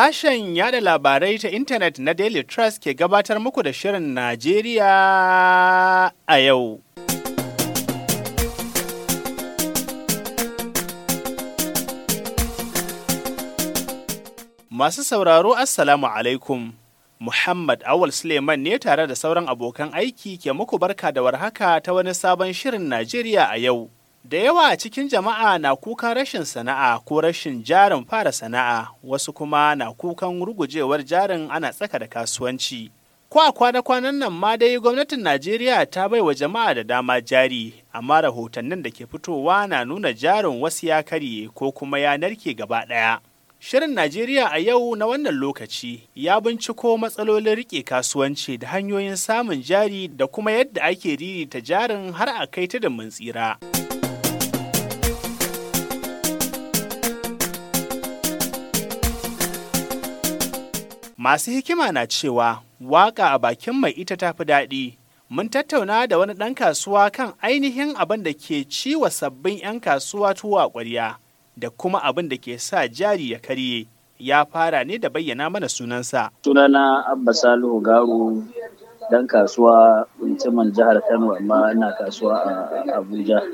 Sashen yada labarai ta intanet na Daily Trust ke gabatar muku da Shirin Najeriya a yau. Masu sauraro Assalamu alaikum. Muhammad Awal Suleiman ne tare da sauran abokan aiki ke muku barka da warhaka ta wani sabon Shirin Najeriya a yau. Da yawa a cikin jama'a na kukan rashin sana'a ko rashin jarin fara sana'a, wasu kuma na kukan rugujewar jarin ana tsaka da kasuwanci. Ko a kwana-kwanan nan ma dai gwamnatin Najeriya ta bai wa jama'a da dama jari, amma rahotannin da ke fitowa na nuna jarin wasu ya karye ko kuma ya narke gaba ɗaya. Shirin Najeriya a yau na wannan lokaci ya binciko matsalolin rike kasuwanci da hanyoyin samun jari da kuma yadda ake ririta jarin har a kai ta da mun tsira. Masu hikima na cewa waƙa a bakin mai ita tafi daɗi. Mun tattauna da wani ɗan kasuwa kan ainihin abin da ke ciwa sabbin 'yan kasuwa tuwa ƙwarya da kuma abin da ke sa jari ya karye. Ya fara ne da bayyana mana sunansa. Sunana Abba Salihu Garu ɗan kasuwa mutumin jihar Kano amma ina kasuwa a Abuja.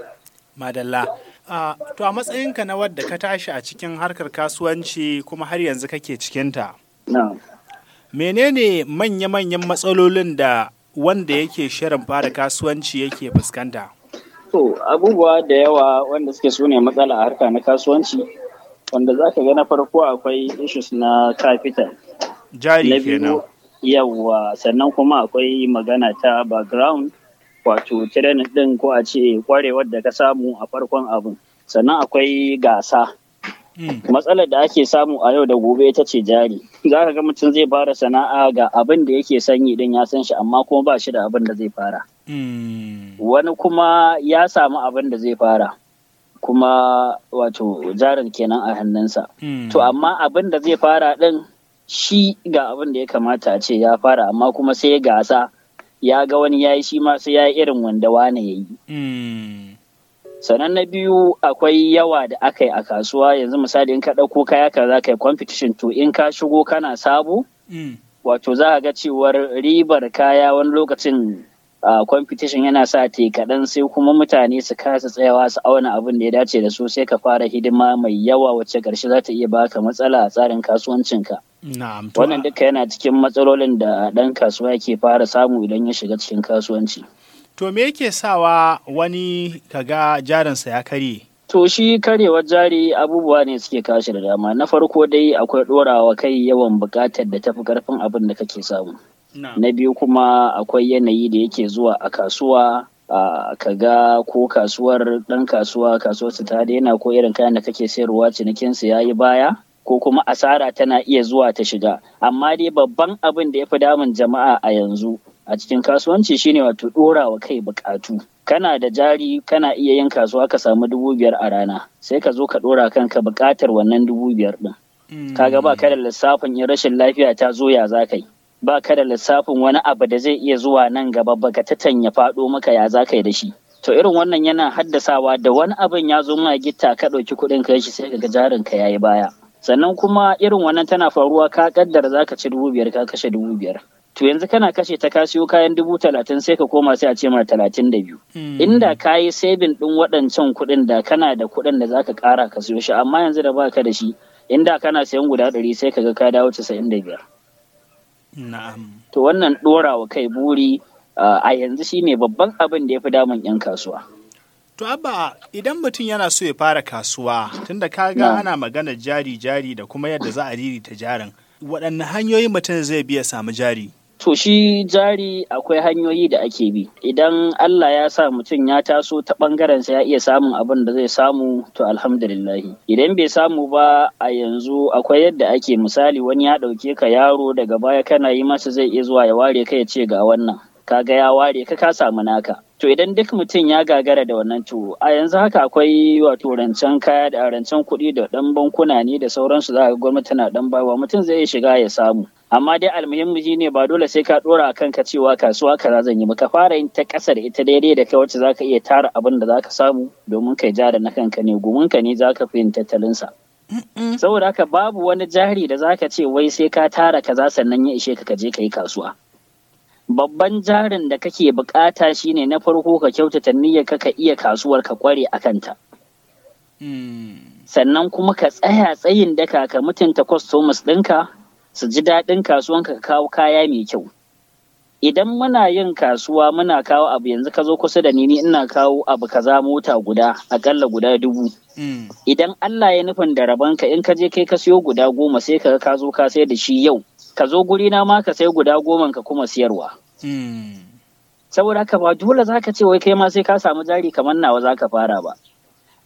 Madalla. to a matsayinka na wadda ka tashi a cikin harkar kasuwanci kuma har yanzu kake cikinta. menene manya-manyan matsalolin da wanda yake shirin fara kasuwanci yake fuskanta? To, abubuwa da yawa wanda suke su ne matsala a harka na kasuwanci, wanda za ka ga na farko akwai issues na capital. Jari kenan. Yawwa, sannan kuma akwai magana ta background, wato training ɗin ko a ce kwarewar da ka samu a farkon abin. Sannan akwai gasa. matsalar da ake samu a yau da gobe ita ce jari za ka ga mutum zai fara sana'a ga abin da yake sanyi din ya san shi amma kuma ba shi da abin da zai fara hmm. wani kuma ya samu abin da zai fara kuma wato jarin kenan a hannunsa hmm. to amma abin da zai fara din shi ga abin da ya kamata a ce ya fara amma kuma sai ya gasa ya ga wani ya yi shi ma sai ya yi irin wanda wane ya yi hmm. sannan na biyu akwai yawa da aka yi a kasuwa yanzu misali in ka ɗauko kaya ka za ka yi competition to in ka shigo kana sabo mm. wato za ka ga cewar ribar kaya wani lokacin a competition yana sa te kaɗan sai kuma mutane su kasa tsayawa su auna abin da ya dace da su sai ka fara hidima mai yawa wacce ƙarshe za ta iya baka matsala a tsarin kasuwancinka. Wannan duka yana cikin matsalolin da ɗan kasuwa ke fara samu idan ya shiga cikin kasuwanci. To me yake sawa wani kaga jarinsa ya karye? To shi karewar jari abubuwa ne suke kashi da dama. Na farko dai akwai ɗorawa kai yawan buƙatar da tafi ƙarfin abin da kake samu. Na biyu kuma akwai yanayi da yake zuwa a kasuwa Uh, kaga ko kasuwar ɗan kasuwa kasuwar su ta daina ko irin kayan da kake sayarwa cinikin su yayi baya ko kuma asara tana iya zuwa ta shiga amma dai babban abin da ya fi damun jama'a a yanzu a cikin kasuwanci shine wato ɗora wa kai bukatu kana da jari kana iya yin kasuwa ka samu dubu biyar a rana sai ka zo ka dora kanka bukatar wannan dubu biyar ɗin kaga ba ka da lissafin in rashin lafiya ta zo ya za kai ba ka da lissafin wani abu da zai iya zuwa nan gaba ba tatan ya faɗo maka ya za kai da shi to irin wannan yana haddasawa da wani abin ya zo ma gitta ka ɗauki kuɗin ka shi sai ka jarin ka ya yi baya sannan kuma irin wannan tana faruwa ka kaddara ka ci dubu biyar ka kashe dubu biyar to yanzu kana kashe ta ka siyo kayan dubu talatin sai ka koma sai a ce ma talatin da biyu hmm. inda ka yi sabin ɗin waɗancan kuɗin da kana da kuɗin da zaka ƙara ka siyo shi amma yanzu da baka da shi inda kana sayan guda ɗari sai ka ga ka dawo casa'in da biyar na'am to wannan ɗora kai buri ah, a yanzu shi ne babban abin da ya fi damun 'yan kasuwa To abba idan mutum yana so ya fara kasuwa tunda ka ga ana magana jari jari da kuma yadda za a ta jarin waɗanne hanyoyin mutum zai biya samu jari? To shi jari akwai hanyoyi da ake bi. Idan Allah ya sa mutum ya taso ta ɓangaren sa ya iya samun abin da zai samu to alhamdulillahi. Idan bai samu ba a yanzu akwai yadda ake misali wani ya ɗauke ka yaro daga baya kana yi masa zai iya zuwa ya ware ka ya ce ga wannan. Kaga ya ware ka ka samu naka. To idan duk mutum ya gagara da wannan to a yanzu haka akwai wato rancen kaya da rancen kuɗi da ɗan bankuna ne da sauransu za ga gwamnati na ɗan bawa mutum zai shiga ya samu. Amma dai almuhimmi shi ne ba dole sai ka ɗora a kanka cewa kasuwa kaza zan yi ka fara yin ta ƙasa da ita daidai da kai wacce za ka iya tara abin da za ka samu domin kai ja da na kanka ne ka ne za ka fi yin tattalinsa. Saboda haka babu wani jari da za ka ce wai sai ka tara kaza sannan ya ishe ka ka je ka yi kasuwa. babban jarin da kake bukata shine na farko ka kyautata niyyar ka iya kasuwar ka kware a kanta. Sannan kuma ka tsaya tsayin daka ka mutunta customers ɗinka su ji daɗin kasuwan ka kawo kaya mai kyau. Idan muna yin kasuwa muna kawo abu yanzu ka zo kusa da ni ina kawo abu kaza mota guda akalla guda dubu. Idan Allah ya nufin da rabanka in ka je kai ka siyo guda goma sai ka ka zo ka sai da shi yau. ka zo guri na ma ka sai guda goma ka kuma siyarwa. saboda haka ba dole za ka ce wai kai ma sai ka samu jari kamar nawa za ka fara ba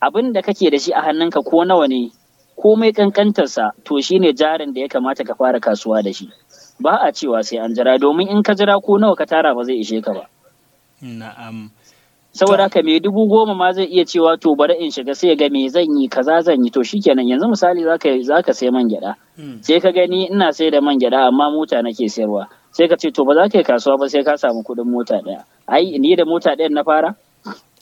abin da kake da shi a hannunka ko nawa ne komai kankantarsa to shi ne jarin da ya kamata ka fara kasuwa da shi ba a cewa sai an jira domin in ka jira ko nawa ka tara ba zai ishe ka ba na'am saboda haka mai dubu goma ma zai iya cewa to bari in shiga sai ga me zan yi kaza zan yi to shikenan yanzu misali zaka zaka sai man gyada hmm. sai ka gani ina sai da man gyada amma mota nake sayarwa sai ka ce to ba za ka yi kasuwa ba sai ka samu kuɗin mota ɗaya ai ni da mota ɗayan na fara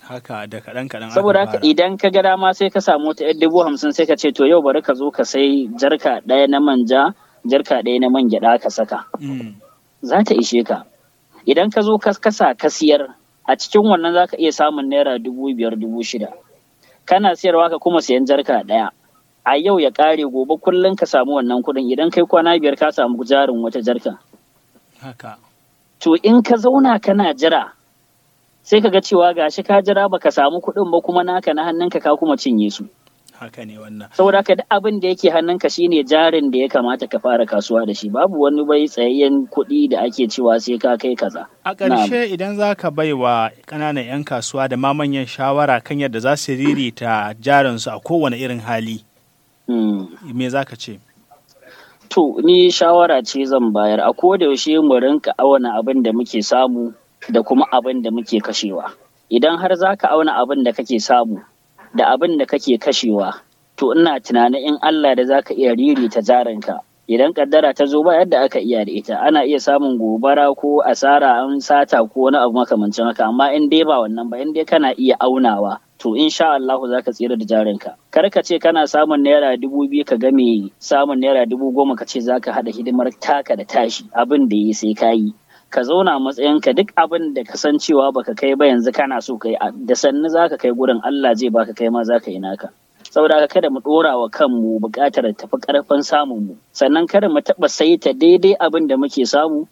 haka da kaɗan kaɗan saboda haka idan ka ga dama sai ka samu ta yar dubu hamsin sai ka ce to yau bari ka zo ka sai jarka ɗaya na manja jarka ɗaya na man gyaɗa ka saka mm. za ta ishe ka idan ka zo ka kasa ka siyar a cikin wannan za ka iya samun naira dubu biyar dubu shida kana siyarwa ka kuma siyan jarka ɗaya a yau ya kare gobe kullum ka samu wannan kuɗin idan kai kwana biyar ka samu jarin wata jarka To in ka zauna kana jira sai ka ga cewa gashi ka jira ba ka samu kuɗin ba kuma naka na hannunka ka kuma cinye su. haka ne wannan saboda haka duk abin da yake hannunka shine jarin da ya kamata ka fara kasuwa da shi babu wani bai tsayayyen kuɗi da ake cewa sai ka kai kaza a ƙarshe idan za ka bai wa ƙananan 'yan kasuwa da ma manyan shawara kan yadda za su ririta jarinsu a kowane irin hali hmm. me za ka ce To ni shawara ce zan bayar a koda yaushe mu rinka auna abin da muke samu da kuma abin da muke kashewa. Idan har za ka auna abin da kake samu da abin da kake kashewa, to ina tunanin in Allah da za ka iya ririta jarinka. Idan kaddara ta zo ba yadda aka iya da ita, ana iya samun gobara ko asara an sata ko wani abu makamancin haka, amma in dai ba wannan ba in dai kana iya aunawa. to insha Allah za ka tsira da jarinka. Kar ka ce kana samun naira dubu biyu ka game samun naira dubu goma ka ce za ka haɗa hidimar taka da tashi abin da ya sai ka yi. Ka zauna matsayinka duk abin da ka san cewa baka kai ba yanzu kana so kai da sannu za ka kai gurin Allah zai baka kai ma za ka yi naka. saboda haka kada mu ɗora wa kanmu buƙatar tafi ƙarfin samun mu sannan kada mu taɓa saita daidai abin da muke samu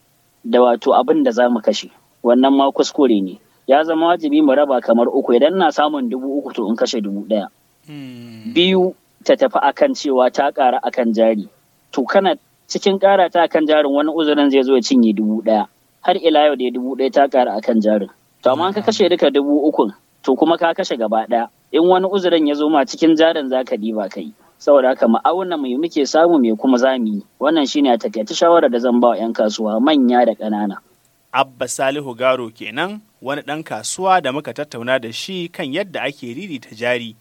da wato abin da za mu kashe wannan ma kuskure ne ya zama wajibi mu raba kamar uku idan na samun dubu uku to in kashe dubu ɗaya. Hmm. Biyu ta tafi akan cewa ta ƙara akan jari. To kana cikin ƙara ta akan jarin wani uzurin zai zo ya cinye dubu ɗaya. Har ila yau dai dubu ɗaya ta ƙara akan jarin. To amma ka kashe duka dubu ukun to kuma ka kashe gaba ɗaya. In wani uzurin ya zo ma cikin jarin za ka ɗiba kai. Saboda haka ma'auna mai muke samu mai kuma zamu yi. Wannan shine a takaice shawara da zan ba wa 'yan kasuwa manya da ƙanana. Abba Salihu Garo kenan wani ɗan kasuwa da muka tattauna da shi kan yadda ake riri ta jari.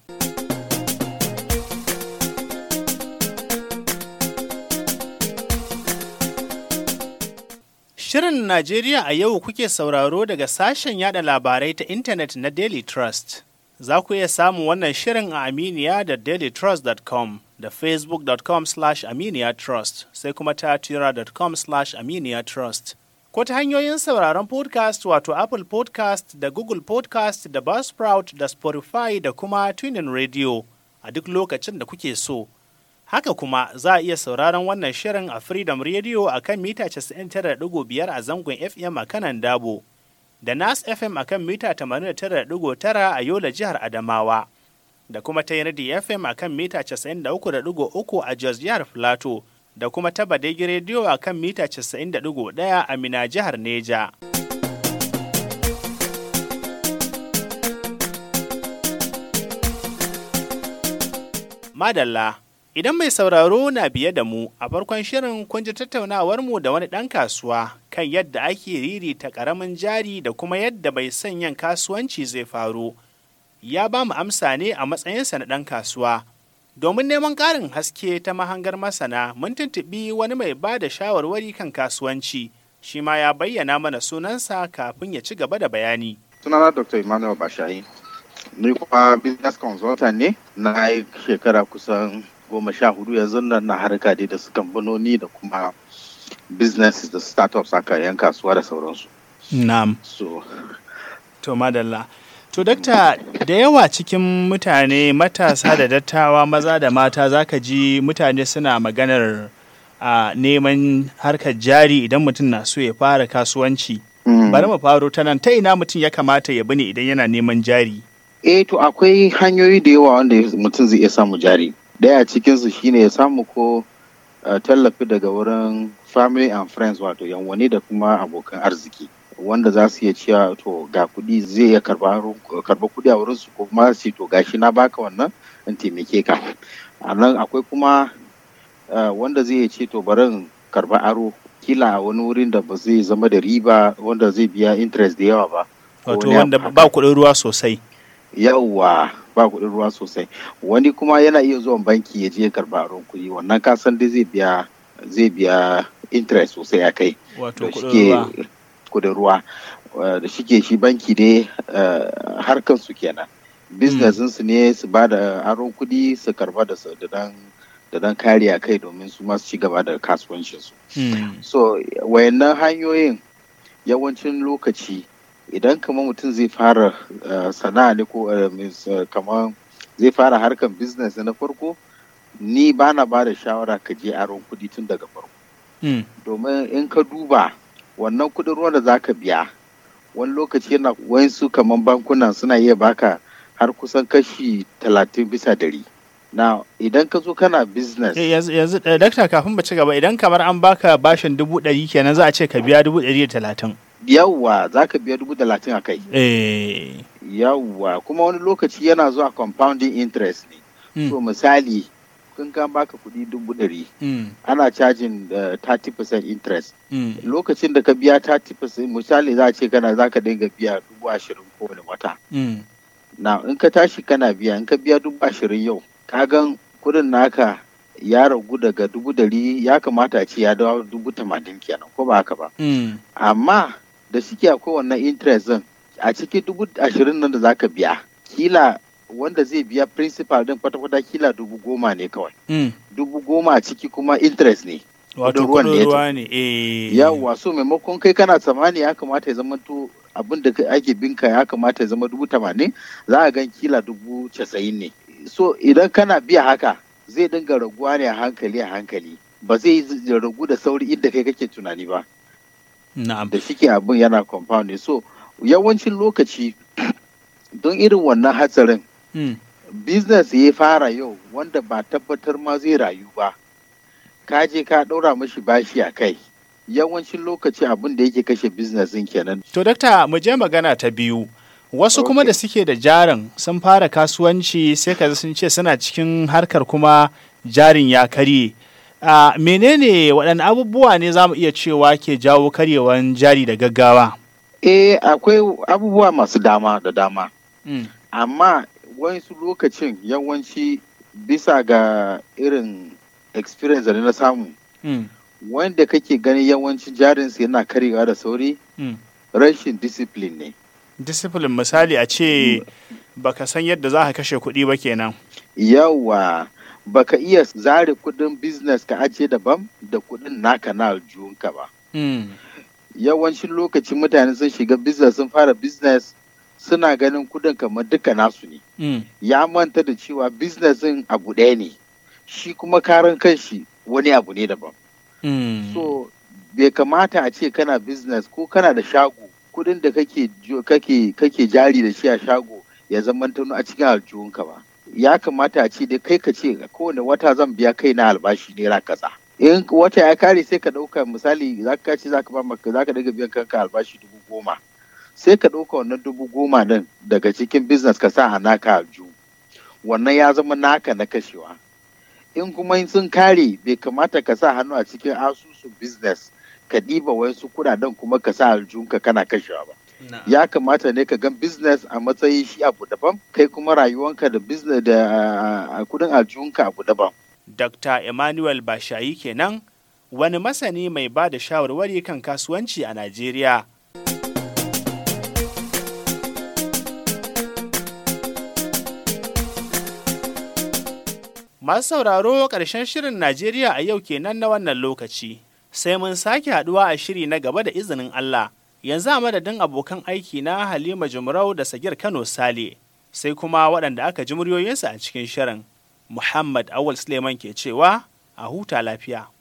Shirin Najeriya a yau kuke sauraro daga sashen yada labarai ta intanet na Daily Trust. Za ku iya samun wannan shirin a Aminiya da dailytrust.com da facebook.com slash aminiya trust sai kuma ta tira.com slash aminiya trust. ko ta hanyoyin sauraron podcast wato Apple podcast da Google podcast da Buzzsprout da Spotify da kuma Tunin Radio a duk lokacin da kuke so. Haka kuma za a iya sauraron wannan shirin a Freedom Radio a kan mita 99.5 a zangon FM a kanan Dabo, da Nas FM a kan mita 89.9 a Yola jihar Adamawa, da kuma Tainadi FM a kan mita 93.3 a Jos jihar Plateau. da kuma ta Badegi rediyo a kan mita 90.1 a Mina jihar Neja. Madalla, idan mai sauraro na biye da mu a farkon shirin kunji ji tattaunawarmu da wani ɗan kasuwa kan yadda ake riri ta ƙaramin jari da kuma yadda bai sanyan kasuwanci zai faru. Ya ba mu amsa ne a matsayinsa na ɗan kasuwa. Domin neman ƙarin haske ta mahangar masana mun tuntuɓi wani mai ba da shawarwari kan kasuwanci, shi ma ya bayyana mana sunansa kafin ya ci gaba da bayani. Sunana Dr. Emmanuel Bashayi, ni kuma business consultant ne na shekara kusan goma sha hudu yanzu nan na harka dai da su kamfanoni da kuma business da startups a yan kasuwa da sauransu. Na'am. So. To madalla. To dakta da yawa cikin mutane matasa da dattawa maza da mata zaka ji mutane suna maganar a neman harkar jari idan mutum na so ya fara kasuwanci. Mm. Bari mu faro ta nan ta ina mutum ya kamata ya bi ne idan yana neman jari. Eh to akwai hanyoyi da yawa wanda mutum zai iya samu jari. Daya cikinsu shine ya samu ko tallafi daga wurin family and friends wato yanwani da kuma abokan arziki. wanda za su iya cewa to ga kuɗi zai iya karɓa kuɗi a wurinsu ko kuma su to gashi na baka wannan in taimake ka a nan akwai kuma wanda zai iya ce to barin karɓa aro kila a wani wurin da ba zai zama da riba wanda zai biya interest da yawa ba wato wanda ba kuɗin ruwa sosai yawwa ba kuɗin ruwa sosai wani kuma yana iya zuwan banki ya je ya karɓa aron kuɗi wannan kasan dai zai biya zai biya interest sosai a kai wato kuɗin ruwa ku da ruwa eh, da shike shi banki ne eh, harkar su kenan biznesin su ne su ba da aron kuɗi su karba da su da dan kariya kai domin su masu ci gaba da kasuwancin su hmm. so wayannan hanyoyin yawancin lokaci idan kamar mutum zai fara eh, sana'a ne ko kamar zai fara harkar biznes na farko ni bana na ba da shawara ka je aron kudi tun daga farko hmm. domin in ka duba wannan kudin ruwan da za ka biya wani lokaci yana su kamar bankuna suna iya baka har kusan kashi talatin bisa dari na idan ka zo kana business eh, yanzu eh, dakta kafin ba ci gaba idan kamar an baka bashin dubu ɗari kenan za a ce ka biya dubu ɗari da talatin yawwa za ka biya dubu talatin a kai eh. yawwa kuma wani lokaci yana zuwa compounding interest ne hmm. so misali kun ka baka kuɗi dubu ɗari mm. ana cajin 30% eh, interest mm. lokacin da ka biya 30% misali za a ce kana za ka dinga biya dubu ashirin kowane wata mm. na in ka tashi kana biya in ka biya dubu ashirin yau ka gan kuɗin naka ya ragu daga dubu ɗari ya kamata a ce ya dawo dubu tamanin kenan ko ba haka ba amma da suke akwai wannan interest zan a cikin dubu ashirin nan da za ka biya kila wanda zai biya principal din kwata-kwata kila dubu goma ne kawai hmm. dubu goma ciki kuma interest ne wato kudin ruwa ne eh. yawwa so maimakon kai kana tsammani ya kamata ya zama to abin da ake binka ya kamata ya zama dubu tamanin za a gan kila dubu casa'in ne so idan kana biya haka zai dinga raguwa ne a hankali a hankali ba zai ragu da sauri inda kai kake tunani ba na'am da shike abin yana compound ne so yawancin lokaci don irin wannan hatsarin Hmm. business ya fara yau wanda ba tabbatar ma zai rayu ba ka je ka ɗora mashi bashi a kai yawancin lokaci abin da yake kashe business din kenan to dakta mu je magana ta biyu wasu kuma da suke da jarin sun fara kasuwanci sai ka sun ce suna cikin harkar kuma jarin ya karye uh, menene waɗanne abubuwa ne za mu iya cewa ke jawo karyewan jari da gaggawa eh akwai abubuwa masu dama da dama hmm. amma wasu lokacin yawanci bisa ga irin experience da na samu hmm. wanda kake ganin yawancin jarinsu yana karewa da sauri hmm. rashin discipline ne discipline misali a ce hmm. baka san yadda za ka kashe kuɗi ba kenan yawa baka iya zare kuɗin business ka ajiye daban da kuɗin naka na aljihunka ba yawancin lokacin mutane sun shiga business sun fara business suna ganin kudin kamar duka nasu ne. Mm. Ya manta da cewa biznesin abu ɗaya ne, shi kuma karan kanshi wani abu ne daban. Mm. So, bai kamata a ce kana biznes ko kana da shago, kudin da kake jari da shi a shago ya zama a cikin aljihunka ba. Ya kamata a ce dai kai ka ce kowane wata zan biya kai na albashi naira kaza. in wata ya kare sai ka ɗauka misali za ka ce za ka daga biyan kanka albashi dubu goma sai ka ɗauka wannan dubu goma nan daga cikin business ka sa a naka ju wannan ya zama naka na kashewa in kuma sun kare bai kamata ka sa hannu a cikin asusun business ka ɗiba wasu kudaden kuma ka sa aljunka kana kashewa ba ya kamata ne ka gan business a matsayin shi abu daban kai kuma rayuwanka da business da kudin aljunka abu daban dr emmanuel bashayi kenan wani masani mai ba da shawarwari kan kasuwanci a najeriya Masu sauraro ƙarshen shirin Najeriya a yau kenan na wannan lokaci. Sai mun sake haɗuwa a shiri na gaba da izinin Allah. Yanzu a madadin abokan aiki na Halima Jumrau da Sagir Kano Sale. Sai kuma waɗanda aka ji muryoyinsu a cikin shirin. Muhammad Awul Suleiman ke cewa a huta lafiya.